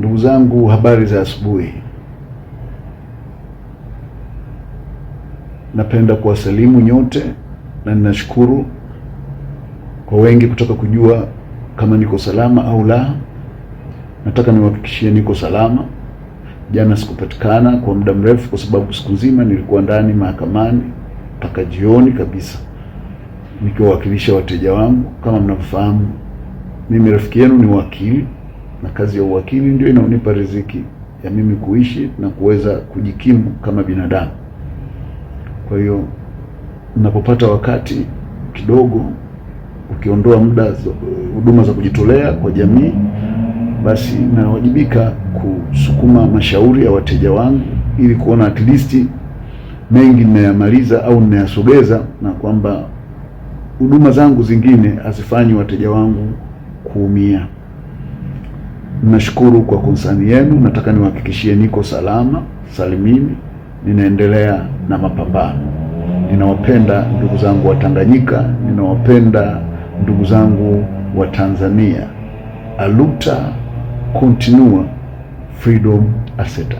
Ndugu zangu, habari za asubuhi. Napenda kuwasalimu nyote na ninashukuru kwa wengi kutoka kujua kama niko salama au la. Nataka niwahakikishie niko salama. Jana sikupatikana kwa muda mrefu, kwa sababu siku nzima nilikuwa ndani mahakamani mpaka jioni kabisa, nikiwawakilisha wateja wangu. Kama mnavyofahamu, mimi rafiki yenu ni wakili na kazi ya uwakili ndio inaonipa riziki ya mimi kuishi na kuweza kujikimu kama binadamu. Kwa hiyo ninapopata wakati kidogo, ukiondoa muda huduma za kujitolea kwa jamii, basi nawajibika kusukuma mashauri ya wateja wangu ili kuona at least mengi ninayamaliza au ninayasogeza, na kwamba huduma zangu zingine hazifanyi wateja wangu kuumia. Nashukuru kwa konsani yenu. Nataka niwahakikishie niko salama salimini, ninaendelea na mapambano. Ninawapenda ndugu zangu wa Tanganyika, ninawapenda ndugu zangu wa Tanzania. Aluta continua, freedom aseta.